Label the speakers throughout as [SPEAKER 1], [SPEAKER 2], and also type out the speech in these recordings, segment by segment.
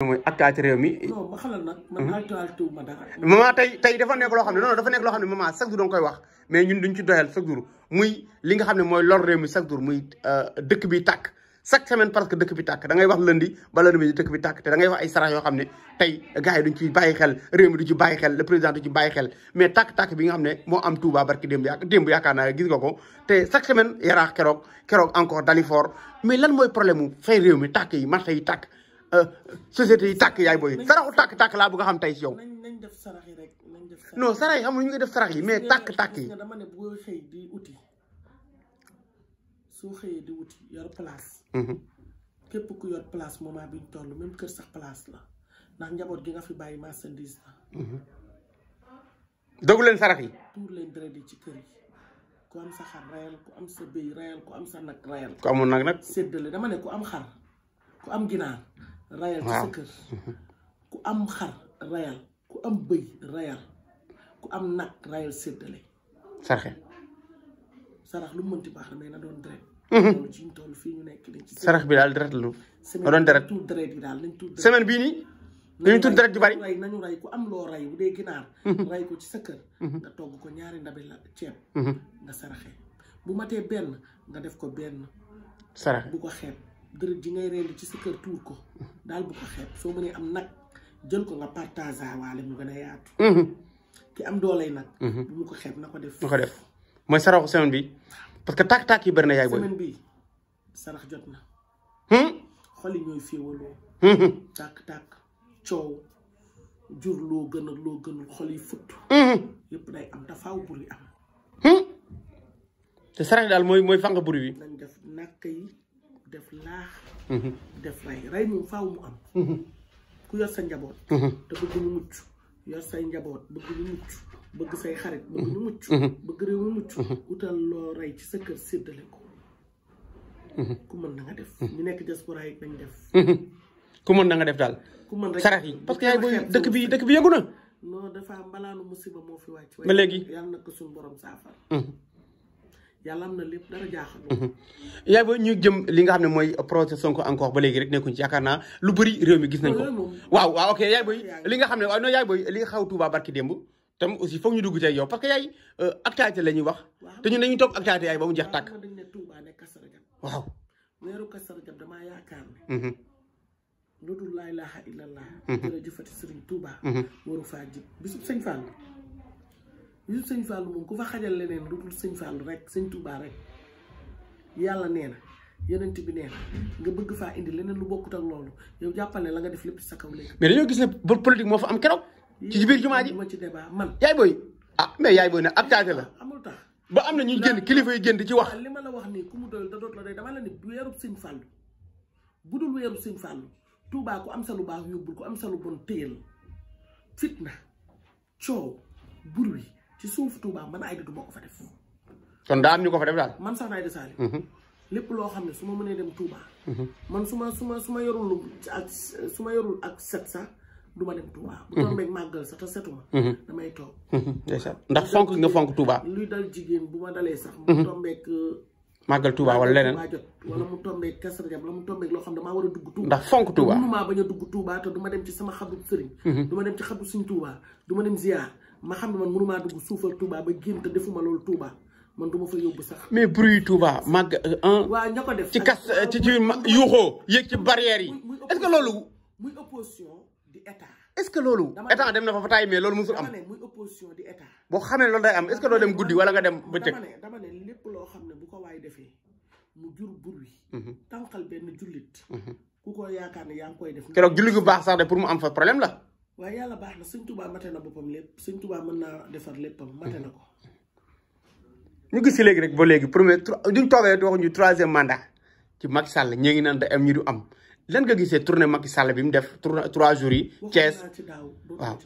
[SPEAKER 1] mooy actualité réew mi. non ma xelal mhm. tey tey nekk loo xam ne non dafa nekk loo xam ne maman chaque jour da nga koy wax mais ñun duñ ci doyal chaque jour muy li nga xam ne mooy lor réew mi chaque jour muy euh, dëkk bi tàkk chaque semaine parce que dëkk bi tàkk da ngay wax lundi ba lundi bi dëkk bi tàkk te da ngay wax tey gars yi duñ ci bàyyi xel réew mi du ci bàyyi xel le président du ci bàyyi xel mais tàkk-tàkk bi nga xam ne moo am Touba barki démb yaakaar démb yaakaar naa gis nga ko te chaque semaine yaraax keroog keroog encore Dalifort mais lan mooy problème mu fay réew mi tàkk tàkk Euh, société yi tàkk yaay booy saraxu tàkk tàkk laa bëgg a xam tey ci yow. nañ def sarax yi rek nañ def sarax yi non sarax
[SPEAKER 2] def sarax yi mais tàkk tàkk yi. dama ne boo xëy di uti soo xëyee di uti yor mhm. képp ku yor place moment bi kër sax place la ndax njaboot gi nga fi bàyyi marchandise la.
[SPEAKER 1] Mhm. dëggu leen
[SPEAKER 2] sarax yi. tuur leen ci kër yi ku am sa xar rayal am sa béy rayal am sa nag nag nag séddale dama ne ku am xar ku am ginaar. rayal ci sa kër ku am xar rayal ku am bëy rayal ku am nag rayal séddale sarxe sarax lu mu mënti baax mais na doon deret
[SPEAKER 1] mhm. loolu ci ñu toll fii ñu nekk ci
[SPEAKER 2] sarax bi daal deret lu na doon deret tuur deret yi daal nañ tuur semaine bii nii dañu tuur deret ju nañu ray ku am loo ray bu dee ginaar mhm. ray ko ci sa kër mhm. nga togg ko ñaari ndabi la ceeb nga saraxe bu matee benn nga def ko benn saraxe bu ko xeeb dërët ji ngay rendi ci sa kër tuur ko daal bu ko xeeb soo mënee am nag jël ko nga partage waale mu gën a yaatu mhm. ki am doolay nag mhm. bu ko xeeb na ko def
[SPEAKER 1] mooy saraxu semaine bi parce que tàkk-tàkk yi bëri na yaay booy semaine
[SPEAKER 2] bi sarax hmm? yi ñooy féewaloo mhm. tàkk-tàkk coow jur loo gën loo gënul xol yi futt yëpp hmm? daal mooy mooy fànq buri bi def laax mhm. def rey rey moom faaw mu am mhm. ku yor sa njaboot mhm. te bëgg ñu mucc yor say njaboot bëgg ñu mucc bëgg say xarit bëgg ñu mucc bëgg réew mu mucc utal loo rey ci sa kër séddale ko ku mën na nga def ñu nekk diaspora yi nañ def
[SPEAKER 1] ku mën na nga def daal
[SPEAKER 2] ku mën rek sarax yi parce que yaay booy dëkk bi dëkk bi yëngu na non dafa mbalaanu musiba moo fi wàcc ba léegi yàlla na ko suñu borom saafara yàlla am na lépp dara jaaxal. Mhm.
[SPEAKER 1] yaay ba ñu jëm li nga xam ne mooy projet Sonko encore ba léegi rek nekkuñ ci yaakaar naa lu bëri réew mi gis nañ ko. waaw waaw ok yaay booy li nga xam ne waaw non yaay booy li nga xaw Touba barki démb. tam aussi foog ñu dugg tey yow parce que yaay euh, actualité la ñuy wax.
[SPEAKER 2] te ñun dañuy topp actualité yaay ba mu jeex tàkk. waaw. meeru Kasaragab damaa yaakaar ne. Mhm. lu dul laa ilaaha illallah. Mhm. jërëjëfati Serigne Touba. waru faa jib bisub Sëñ Fall. yu sëñ Fallou moom ku fa xajal leneen lu sëñ Fallou rek sëñ Touba rek yàlla nee na yonent bi nee nga bëgg faa indi leneen lu bokkut loolu yow jàppal ne la nga def lépp sa kaw léegi. mais dañoo gis ne politique moo fa am keroog. ci jumaa ji ma ci débat man. yaay booy
[SPEAKER 1] ah mais yaay booy ne ab taate
[SPEAKER 2] la. Ah, amul tax ba am na ñu génn kilifa yi jën di ci wax. li ma la wax nii ku mu doyul da doot la doy dama la ni weerub sëñ Fallou bu dul weerub sëñ Fallou tuubaa ku am sa lu baax yóbbul ku am sa bon téyel fitna coow bruit ci suuf Touba man Aïda du moo ko fa def. kon daa am ñu ko fa def daal. man sax Aïda Saliou. Mhm. lépp loo xam ne su ma mënee dem Touba. Mhm. man su ma su ma su ma yorul ak su ma yorul ak set sax du ma dem Touba. bu doon beeg mhm. màggal sax te setuma. damay toog.
[SPEAKER 1] ndax fonk nga fonk Touba.
[SPEAKER 2] luy dal jigéen bu ma dalee sax. mu tombeeg. Euh,
[SPEAKER 1] màggal Touba wala leneen
[SPEAKER 2] wala mu tombeeg Kazu Rajab wala mu tombeeg loo xam ne maa war a dugg Touba. ndax fonk Touba te mënumaa dugg Touba du ma dem ci sama xabru sëriñ. du dem ci xabru suñ Touba du ma dem ziar. ma xam ne man mënumaa dugg suufal Touba ba génn te defuma loolu Touba man du fa yóbbu sax.
[SPEAKER 1] mais bruit Touba màgg un. Euh, waaw ña ko def ci kas ci ci yuuxoo
[SPEAKER 2] yéeg ci barrière yi. est-ce que loolu. muy opposition di
[SPEAKER 1] état. est-ce que na fa fa taay mais am. dama ne
[SPEAKER 2] muy opposition di état.
[SPEAKER 1] boo xamee loolu day am est-ce dem guddi wala nga dem bëccëg.
[SPEAKER 2] dama lépp loo xam ne bu ko waay defee mu jur bruit. Mhm. tànqal benn jullit. Mhm. ku ko yaakaar ne yaa ngi koy def. keroog julli gu baax
[SPEAKER 1] sax de pour mu am fa problème la.
[SPEAKER 2] waaye yàlla baax na sëñ Touba mate na boppam lépp sëñ Touba mën naa defar léppam mate na ko.
[SPEAKER 1] ñu gis si léegi rek ba léegi premier duñ toogee rek waxuñu troisième mandat ci Macky Sall ñee ngi naan da am ñi du am lan nga gisee tournée Macky Sall bi mu def tournée trois jours yi. Thiès
[SPEAKER 2] waaw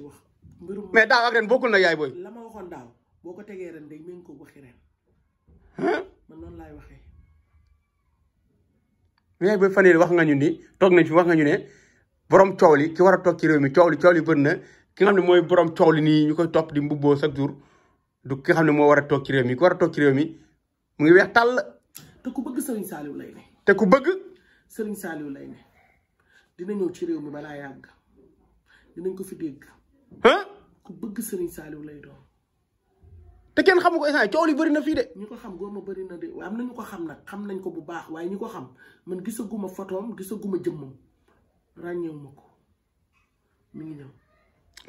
[SPEAKER 2] mais daaw ak ren bokkul na yaay booy. la ma waxoon daaw boo ko tegee ren de mi ngi ko waxi ren. man laay waxee.
[SPEAKER 1] yaay booy fan yii wax nga ñu ni toog nañ fi wax nga ñu ne. borom coow li ki war a toog ci réew mi coow li coow li bëri na ki nga xam ne ah. mooy borom coow li nii ñu koy topp di mbubboo chaque jour du ki xam ne moo war a toog ci réew mi ki war mi mu ngi weex tàll.
[SPEAKER 2] te ku bëgg Serigne Saliou lay te ku bëgg. Serigne Saliou lay dina ñëw ci réew mi yàgg dinañ ko fi dégg. ku bëgg Serigne saaliw lay doon. te kenn xamu ko instant coow li bëri na fii de. ñi ko xam góoma bëri na de am na ñu ko xam nag xam nañ ko bu baax waaye ñi ko xam man gisaguma photoom gisaguma jëmmam. ràññeewu ma ko mi ngi ñëw.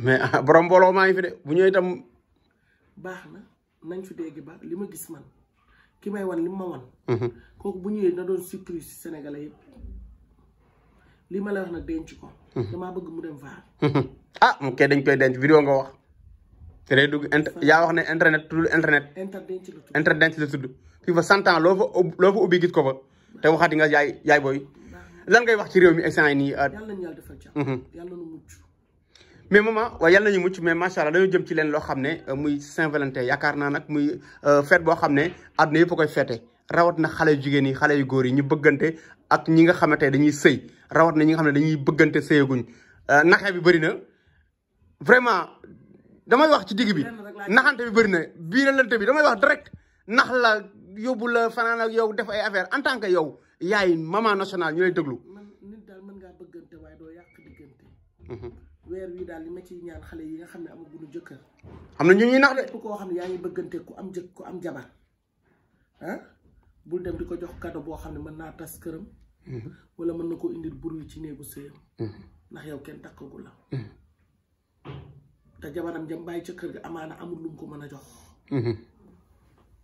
[SPEAKER 1] mais ah, borom
[SPEAKER 2] mbooloo maa ngi fi de bu ñëwee itam. baax na nañ fi dégg ba li ma gis man ki may wan li ma wan. Mhm. kooku bu ñëwee na doon surprise si Sénégalais yëpp li ma la wax nag denc ko. Mhm. damaa bëgg mu dem vaar.
[SPEAKER 1] Mhm. ah mu kay dañ koy denc vidéo nga wax. te day dugg inter yaa wax ne internet tudd internet.
[SPEAKER 2] internet la tudd
[SPEAKER 1] internet la tudd. fii fa cent ans loo fa loo fa ubbi gis ko fa. te waxaati nga yaay yaay booy. lan ngay wax ci réew mi instant yi nii. Euh, yàlla
[SPEAKER 2] nañu yàlla defal jàmm. Mhm. yàlla nañu mucc.
[SPEAKER 1] mais maman waaye yàlla nañu mucc mais macha allah dañoo jëm ci leen loo xam ne euh, muy Saint-Valentin yaakaar naa nag muy euh, fête boo xam ne àdduna yëpp koy fête rawat na xale jigéen yi xale yu góor yi ñu bëggante ak ñi nga xamante dañuy sëy rawat na ñi nga xam ne dañuy bëggante sëyaguñ naxee bi bëri na vraiment damay wax ci digg bi naxante bi bëri na biiralante bi damay wax direct nax la yóbbu la fanaan ak yow def ay affaire en tant que yow yaay maman nationale ñu lay déglu. man nit daal mën ngaa
[SPEAKER 2] bëggante waaye doo yàq diggante. Mhm. weer wi daal li ma ciy ñaan xale yi nga xam ne amaguñu jëkkër. am na ñu nax de. koo xam ne yaa ngi bëggante am jëkk ku am jabar bu ah? bul dem di ko jox cadeau boo xam ne mën naa tas këram. Mhm. wala mën na koo indi bruit ci néegu sëyam. Mhm. ndax yow kenn takkagul la. te jabaram jam bàyyi ca kër ga amaana amul lum ko mën a jox.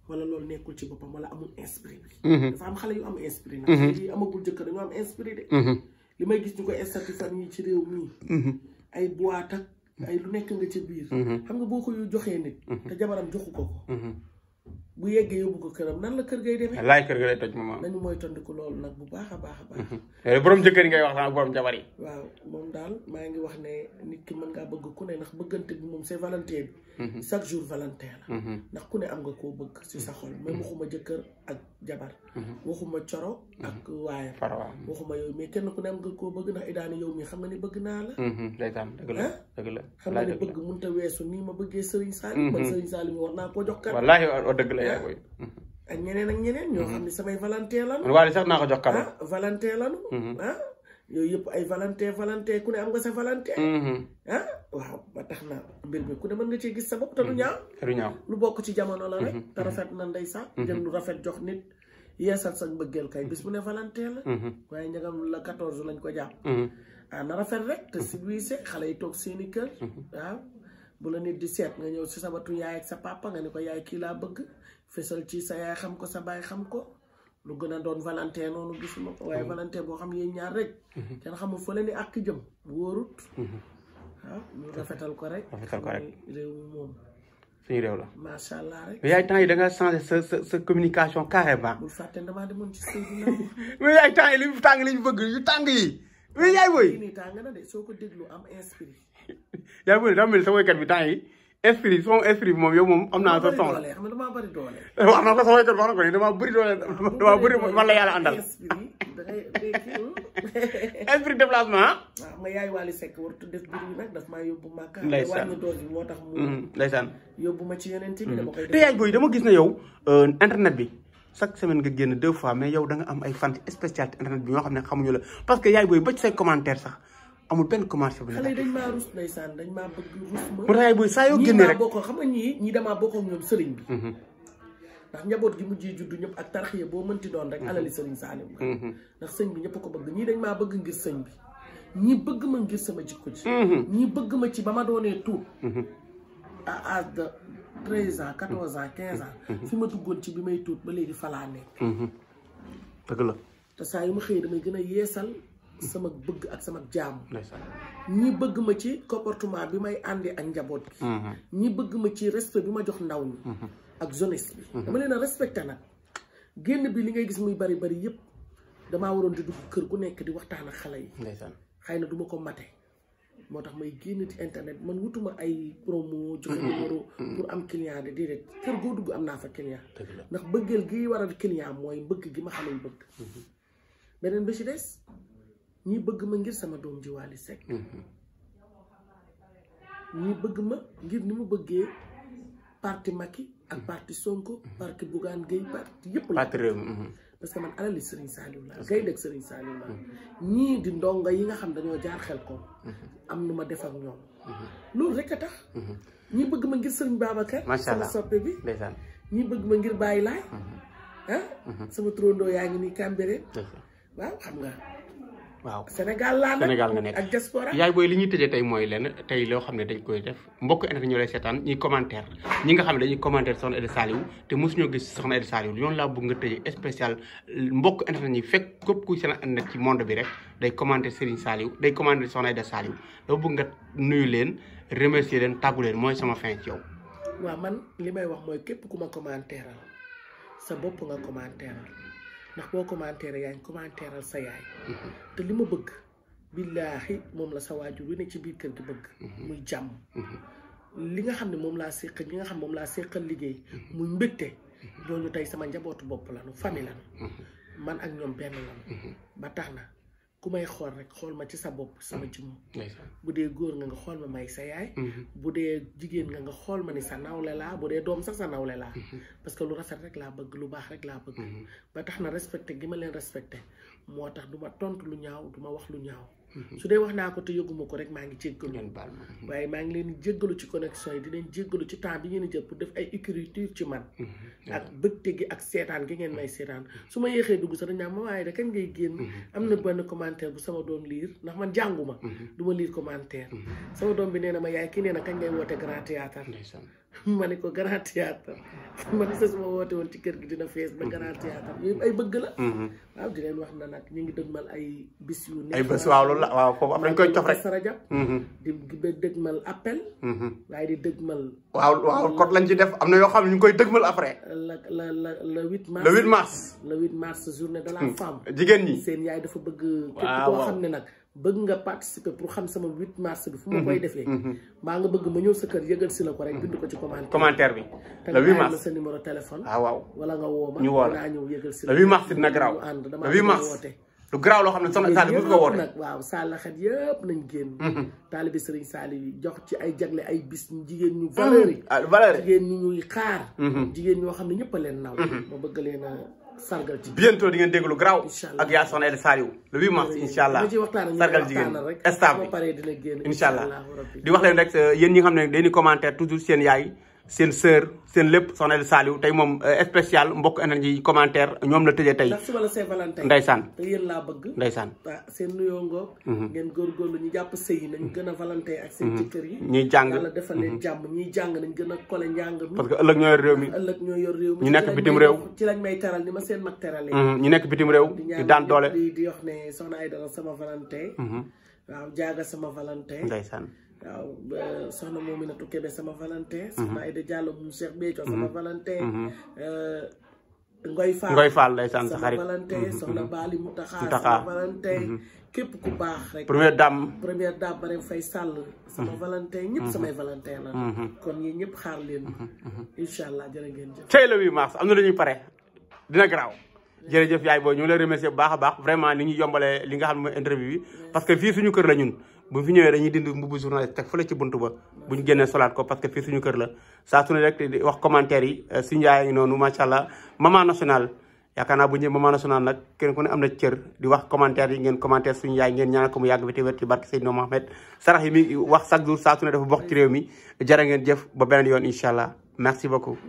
[SPEAKER 2] wala loolu nekkul ci boppam wala amul inspiré bi mhm. dafa xale yu am inspiré nag yi mhm. amagul jëkkër dañoo am inspiré de mhm. li may gis ñu ko estati fan yi ci réew mi ay boîte ak ay lu nekk nga ci biir xam nga boo ko yu joxee nit te jabaram joxu ko ko bu yeggee yóbbu ko këram nan la kër gay demee. laay kër ga lay toj maman. nañu loolu nag bu baax a baax a
[SPEAKER 1] baax. Mm-hmm. Eh,
[SPEAKER 2] maa ngi wax ne nit ki mën ngaa bëgg ku ne ndax bëggante bi moom c'est valentin bi. Mm-hmm. chaque jour valentin la. Mm-hmm. ndax koo bëgg si sa xol même waxuma jëkkër ak jabar. waxuma coro ak waayam. waxuma yooyu mais kenn ku ne nga koo bëgg ndax idaani yow mii xam nga naa la. ndeysaan dëgg la dëgg la. xam nga a ma bëggee Serigne Salim. man Serigne Salim war naa koo jox kan. wallaahi dëgg la a
[SPEAKER 1] mm-hmm.
[SPEAKER 2] ak ñeneen a ñeneen ñoo xam ne samay valentin a waaye naa ko jox cadeau valentin lanu ah, mm-hmm. ah yëpp ay valentin valentin ku ne am nga sa valentin mm-hmm. a ah, waaw ba tax na mbir mi ku ne man nga cee gis sa bopp te du ñaaw du lu bokk ci jamono la rek te rafet na ndey sax jël lu rafet jox nit yeesal sa bëggeel kay bis bu ne valentin la waaye njagam la quatorze lañ ko jàpp ah na rafet rek te si se xale yi toog seeni kër waaw ah, bu la nit di seet nga ñëw si sa batu yaay ak sa papa nga ni ko yaay kii laa bëgg fesal ci sa yaay xam ko sa baay xam ko lu gën a doon valentin noonu gisuma ko waaye mm-hmm. valentin boo xam yéen ñaar rek mm-hmm. kenn xamul fa ni ak jëm wóorut
[SPEAKER 1] waaw mm-hmm.
[SPEAKER 2] ah, ñu rafetal ko rek ko rek réew réew la macha allah rek mais
[SPEAKER 1] yaay temps yi da nga sa sa sa communication carrément bul fàtte
[SPEAKER 2] damaa demoon ci sëy bi
[SPEAKER 1] mais yaay temps yi li tàng li ñu bëgg yu tàng yi oui yaay booy
[SPEAKER 2] nii tàng na de soo ko déglu am esprit.
[SPEAKER 1] yaay booy daa mel sa woykat bi temps yi esprit son esprit bi moom yow moom am naa sa son la.
[SPEAKER 2] xam nga damaa bëri doole.
[SPEAKER 1] wax na ko sa woykat wax na ko ni damaa bëri doole damaa bëri man la yàlla àndal.
[SPEAKER 2] esprit déplacement ah. waaw nga yaay Wally Seck warut def mbir mi nag daf maa yóbbu ma. ndeysaan wàññi doole bi moo tax mu. ndeysaan yóbbu ma ci yeneen tamit. dama koy def te yaay booy
[SPEAKER 1] dama gis ne yow internet bi. chaque semaine nga génn deux fois mais yow da nga am ay fan spécialité bi ñoo xam ne xamuñu la parce que yaay booy ba ci say commentaire sax amul benn commentaire
[SPEAKER 2] ne. xale yi dañ maa rus ndeysaan ñii maa bokkoo xam nga ñii ñii damaa bokkoo bi. Mhm. ndax njaboot gi mujjee juddu ñëpp ak tarxiya boo mënti doon rek mhm. alali sëriñ Saliou. Mhm. ndax sëñ bi ñëpp ko bëgg ñii dañ maa bëgg ngir sëñ bi ñii bëgg ma ngir sama jikko ji. ñii bëgg ma ci ba ma doonee tuut à âge de treize ans quatorze an quinze ans mhm. fi ma duggoon ci bi may tuut ba léegi falaa nekk mhm. la te saa yu ma xëyee damay gën a yeesal sama bëgg ak sama jaamu ñi bëgg ma ci comportement bi may àndi ak njaboot gi mhm. ñi bëgg ma ci respect bi ma jox ndaw ñi ak jeunesse bi dama leen a nag génn bi li ngay gis muy bari bari yëpp damaa waroon di dugg kër gu nekk di waxtaan ak xale yi xëy na du ko mate moo tax may génn ci internet man wutuma ay promo joxe mm-hmm. numéro mm-hmm. pour am client de déedéet kër goo dugg am naa fa client ndax bëggeel gi waral client mooy mbëgg gi ma xamal bëgg mm-hmm. beneen ba ci des ñi bëgg ma ngir sama doom ji Wally Seck ñi bëgg ma ngir ni mu bëggee parti Macky ak parti Sonko parti Bougane Gueye parti yëpp la parce que man alali Serigne Saliou laa gay dëgg Serigne Saliou laa hmm. ñii di ndongo yi nga xam dañoo jaar xel ko hmm. am nu ma def ak ñoom hmm. loolu rek a tax ñi bëgg ma ngir Serigne Babacar macha allah sama soppe bi ñi bëgg ma ngir bàyyi Laay ah. sama turandoo yaa ngi nii Cambérène waaw xam nga waaw Sénégal laa Sénégal nga nekk ak diaspora yaay booy li
[SPEAKER 1] ñuy tëjee tey mooy lenn tey loo xam ne dañ koy def mbokk internet ñoo lay seetaan ñuy commentaire ñi xam ne dañuy commentaire soxna Aida Saliou te mosuñoo gis soxna Aida Saliou yoon laa bëgg nga tëjee spécial mbokk internet ñi fekk képp kuy seen internet ci monde bi rek day commentaire Serigne Saliou day commentaire soxna Aida Saliou loo bëgg nga nuyu leen remercier leen tàggu leen mooy sama fin
[SPEAKER 2] ci yow waaw man li may wax mooy képp ku ma commentaire sa bopp nga commentaire ndax boo commentaire yaa ngi commentaire sa yaay mm-hmm. te li ma bëgg billaahi moom la sa waajur wi ne ci biir kër gi bëgg mm-hmm. muy jàmm mm-hmm. li nga xam ne moom laa séqal ñi nga xam moom laa séqal liggéey muy mbégte ñooñu tey sama njabootu bopp lanu famille lanu man ak ñoom benn lanu ba tax na ku may xool rek xool ma ci sa bopp sama jëmm bu dee góor nga nga xool ma may sa yaay mm-hmm. bu dee jigéen nga nga xool ma ni sa nawle laa bu dee doom sax sa nawle laa mm-hmm. parce que lu rafet rek laa bëgg lu baax rek laa bëgg mm-hmm. ba tax na respecté gi ma leen respecté moo tax duma tontu lu ñaaw duma wax lu ñaaw Mm-hmm. su dee wax naa ko te yëguma ko rek maa ngi jéggalu mm-hmm. waaye maa ngi leen jéggalu ci connexion yi di leen jéggalu ci temps bi ngeen di def ay écriture ci man mm-hmm. ak bëgte gi ak seetaan gi ngeen may seetaan su ma yéexee dugg sax dañ naan ma waaye da kañ ngay génn am na benn commentaire bu sama doom liir ndax man jànguma du ma liir commentaire sama doom bi nee na ma yaay kii nee na kañ ngay woote grand théâtre ma ne ko grand théâtre ma ne sax woote woon ci kër gi dina fees ba grand théâtre yooyu ay bëgg la mm-hmm. waaw di leen wax na nag ñu ngi dëgmal ay bis yu nekk ay bis waaw loolu la waaw
[SPEAKER 1] foofu am nañ koy cof rek
[SPEAKER 2] sarajab mm-hmm. di dëgmal appel mm-hmm. waaye di dëgmal waaw waaw kot lañ ci def am na yoo xam ne ñu ngi koy dëgmal après la la la le huit mars le huit mars le huit mars journée de la femme jigéen ñi seen yaay dafa bëgg képp koo xam ne nag bëgg nga participer pour xam sama 8 mars bi fu ma mhm. koy defee mhm. maa nga bëgg ma ñëw sa kër yëgal si la ko rek bind ko ci commentaire commentaire bi le 8 mars sa numéro téléphone ah, woo ma ñu woo la si la le 8 mars dina garaaw ànd dama woote
[SPEAKER 1] lu garaaw loo xam ne soxna Sall bi ko woote nag
[SPEAKER 2] waaw Sall xet yëpp nañ génn mhm. taalibi Sëriñ Sall yi jox ci ay jagle ay bis jigéen ñu valeur yi ah, valeur jigéen ñu ñuy xaar jigéen ñoo xam ne ñëpp a leen naw ma bëgg leen a sargal jigéen
[SPEAKER 1] bientôt di ngeen déglu graw ak yaa soxna El Saliou le 8 mars incha allah sargal jigéen stable
[SPEAKER 2] bi
[SPEAKER 1] allah di wax leen rek yéen ñi nga xam ne dañuy commentaire toujours seen yaay seen sœur seen lépp soxna El Saliou tey moom euh, spécial mbokk énergie commentaire ñoom la tëjee tey. ndax
[SPEAKER 2] la Saint-Valentin ndeysaan te yéen laa bëgg. ndeysaan waaw ah, seen nuyoo ngoog. Mhm. ngeen góorgóorlu ñu jàpp sëy yi nañ mhm. gën a valentin ak seen mhm. yi. ñuy jàng yàlla defal leen jàmm ñuy jàng nañ gën a kole njàng mi. parce que ëllëg ñoo réew mi ëllëg ñoo yor réew mi. ñu nekk bitim réew ci lañ may teral ni seen mag teralee. ñu nekk bitim réew. di daan doole di di wax ne soxna Aïdara sama valentin. waaw jaaga sama valentin ndaysaan waaw soxna Mominatou Kébé sama Valentin. Mhm. soxna Aïda Diallo bu Cheikh Béthio sama mhm. Valentin. Mhm. Euh, Ngoy Fall Ngoy Fall lay sant xarit soxna Bali Moutakha sama Valentin. képp ku baax rek. première daam première dame Marème Faye Sall. sama Valentin ñëpp samay Valentin la. kon yéen ñëpp xaar leen. incha allah jërë ngeen
[SPEAKER 1] jëf. tey le 8 mars am na lu ñuy pare dina garaaw. jërëjëf yaay booy ñu ngi remercier baax a baax vraiment ni ñu yombalee li nga xam ne mooy parce que fii suñu kër la ñun. bu fi ñëwee dañuy dindi mbubbu journaliste teg fële ci buntu ba buñ génnee solaat ko parce que fii suñu kër la saa su rek di wax commentaire yi euh, suñu yaay noonu macha allah maman national yaakaar naa bu ñëwee maman national nag kenn ku ne am na cër di wax commentaire yi ngeen commentaire suñu yaay ngeen ñaanal ko mu yàgg fi te wér ci barke Seydina Mohamed sarax yi mi wax chaque jour saa su ne dafa bokk ci réew mi jërë jëf ba beneen yoon incha allah merci beaucoup